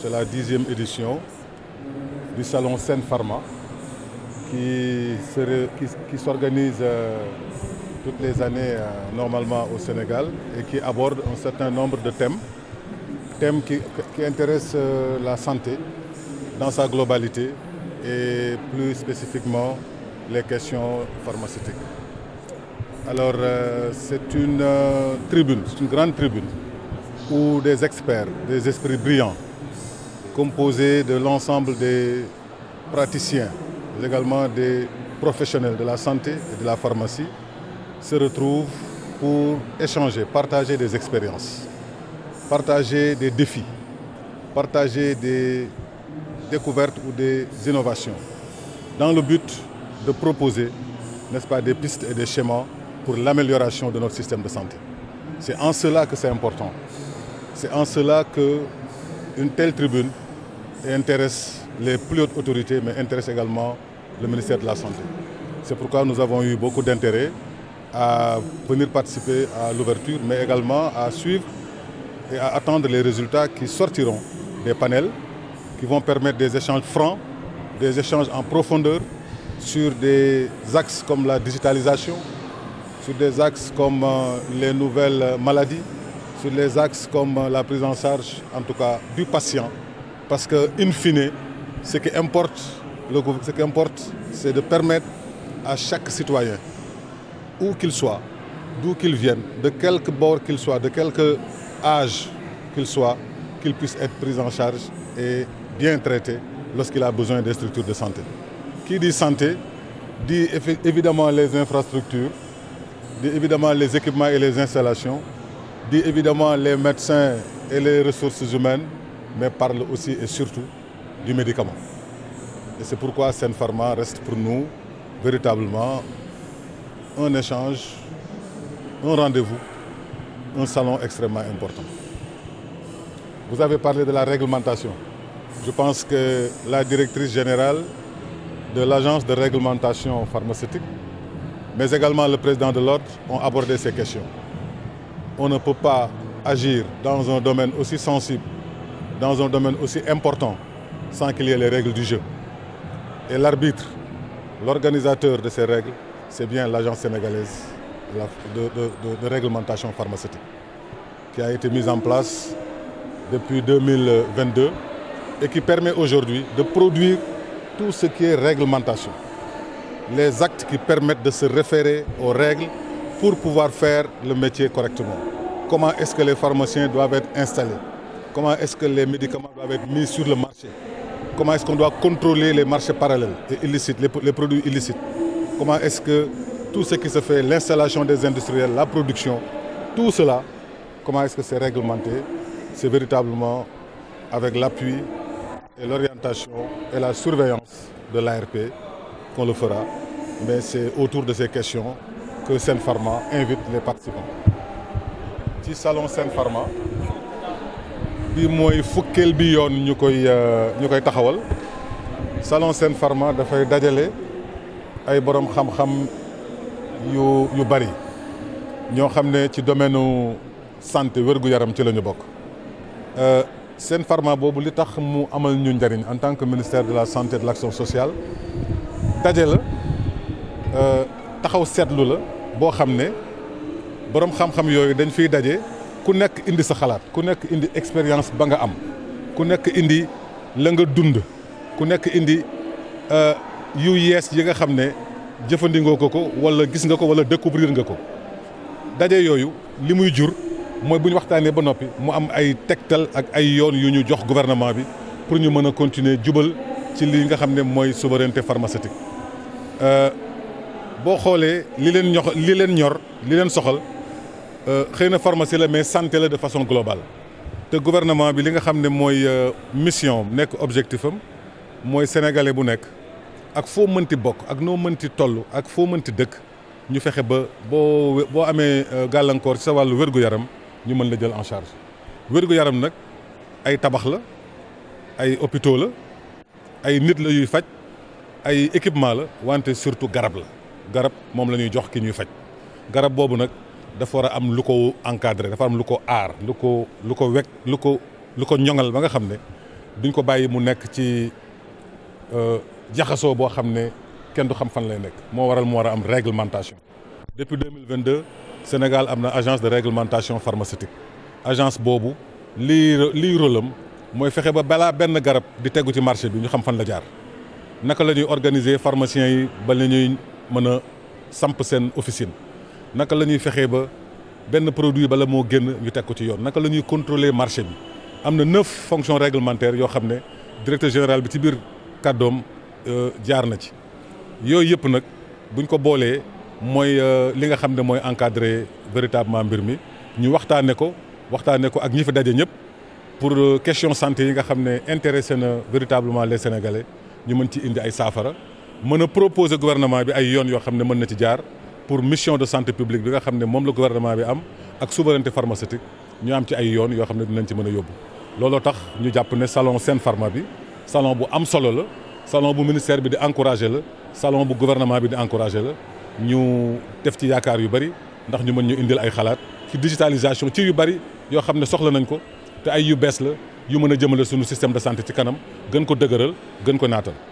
C'est la dixième édition du salon Seine Pharma qui, s'organise qui, euh, toutes les années euh, normalement au Sénégal et qui aborde un certain nombre de thèmes, thèmes qui, intéressent euh, la santé dans sa globalité et plus spécifiquement les questions pharmaceutiques. Alors c'est une tribune, c'est une grande tribune où des experts, des esprits brillants composé de l'ensemble des praticiens, mais également des professionnels de la santé et de la pharmacie, se retrouvent pour échanger, partager des expériences, partager des défis, partager des découvertes ou des innovations, dans le but de proposer, n'est-ce pas, des pistes et des schémas pour l'amélioration de notre système de santé. C'est en cela que c'est important. C'est en cela que une telle tribune intéresse les plus hautes autorités, mais intéresse également le ministère de la Santé. C'est pourquoi nous avons eu beaucoup d'intérêt à venir participer à l'ouverture, mais également à suivre et à attendre les résultats qui sortiront des panels, qui vont permettre des échanges francs, des échanges en profondeur sur des axes comme la digitalisation, sur des axes comme euh, les nouvelles maladies, sur les axes comme euh, la prise en charge, en tout cas, du patient parce que, in fine, ce qui importe, ce qui importe, c'est de permettre à chaque citoyen, où qu'il soit, d'où qu'il vienne, de quelque bord qu'il soit, de quelque âge qu'il soit, qu'il puisse être pris en charge et bien traité lorsqu'il a besoin des structures de santé. Qui dit santé dit évidemment les infrastructures, dit évidemment les équipements et les installations, dit évidemment les médecins et les ressources humaines, mais parle aussi et surtout du médicament. Et c'est pourquoi Pharma reste pour nous véritablement un échange, un rendez-vous, un salon extrêmement important. Vous avez parlé de la réglementation. Je pense que la directrice générale de l'agence de réglementation pharmaceutique, mais également le président de l'ordre, ont abordé ces questions. On ne peut pas agir dans un domaine aussi sensible dans un domaine aussi important sans qu'il y ait les règles du jeu. Et l'arbitre, l'organisateur de ces règles, c'est bien l'agence sénégalaise de, réglementation pharmaceutique qui a été mise en place depuis 2022 et qui permet aujourd'hui de produire tout ce qui est réglementation. Les actes qui permettent de se référer aux règles pour pouvoir faire le métier correctement. Comment est-ce que les pharmaciens doivent être installés comment est-ce que les médicaments doivent être mis sur le marché, comment est-ce qu'on doit contrôler les marchés parallèles et illicites, les, produits illicites, comment est-ce que tout ce qui se fait, l'installation des industriels, la production, tout cela, comment est-ce que c'est réglementé C'est véritablement avec l'appui et l'orientation et la surveillance de l'ARP qu'on le fera. Mais c'est autour de ces questions que saint Pharma invite les participants. Petit salon Sen Pharma, bi mooy fukkeel bi yoon ñu koy euh, ñu koy taxawal salon seen Pharma dafay dajale ay borom xam-xam yu yu bari ñoo xam ne ci domaine u santé wér-gu-yaram ci la ñu bokk euh, seen Pharma boobu li tax mu amal ñu njariñ en tant que ministère de la santé et de l'action sociale daje la euh, taxaw seetlu la boo xam ne borom xam-xam yooyu dañ fiy daje. ku nekk indi sa xalaat ku nekk indi expérience ba nga am ku nekk indi la nga dund ku nekk indi euh, yu yees yi nga xam ne jëfandingoo ko ko wala gis nga ko wala découvrir nga ko daje yooyu li muy jur mooy bu ñu waxtaanee ba noppi mu am ay tegtal ak ay yoon yu ñu jox gouvernement bi pour ñu mën a continuer jubal ci li nga xam ne mooy souveraineté pharmaceutique euh, boo xoolee li leen ñox li leen ñor li leen soxal Euh, xëy pharmacie la mais santé la de façon globale Le gouvernement bi li nga xam euh, mission nekk objectif am sénégalais bu nek, ak fo meunti bokk ak no meunti tollu ak fo meunti deuk ñu fexé ba bo Amé amee euh, gàllankoor ci sa wàllu wér yaram ñu mën la jël en charge wërgu yaram nak ay tabax la ay hôpitaux la ay nit la yuy fajj ay équipement la wanté surtout garab la garab mom la ñuy jox ki ñuy fajj garab bobu nak dafa war am lu ko encadré dafa am lu ko aar lu ko lu ko wekk lu ko lu ko ñoŋal ba nga xam ne duñ ko bàyyi mu nekk ci euh, jaxasoo boo xam ne kenn du xam fan lay nekk moo waral mu war a am réglementation. depuis 2022 Sénégal am na agence de réglementation pharmaceutique agence boobu lii lii rôle am mooy fexe ba balaa benn garab di tegu ci marché bi ñu xam fan la jaar naka la ñuy organiser pharmaciens yi ba la ñuy mën a samp seen officine naka lañuy fexé ba benn produit bala mo génn ñu naka contrôler marché bi amna neuf fonctions réglementaires yo directeur général de ci kaddom euh jaar na ci buñ ko euh, li nga encadrer véritablement mbir mi ñu waxtané ko waxtané ko ak ñi pour euh, santé yi nga véritablement les sénégalais ñu mën ci indi ay safara mëna gouvernement bi ay yoon pour mission de santé publique bi nga xam ne moom la gouvernement bi am ak souveraineté pharmaceutique ñu am ci ay yoon yoo xam ne dinañ ci mën a yóbbu. looloo tax ñu jàpp ne salon seen Pharma bi salon bu am solo la salon bu ministère bi di encouragé la salon bu gouvernement bi di encouragé la ñu def ci yaakaar yu bari ndax ñu mën ñu indil ay xalaat ci digitalisation ci yu bari yoo xam ne soxla nañ ko te ay yu bees la yu mën a jëmale suñu système de santé ci kanam gën ko dëgëral gën ko naatal.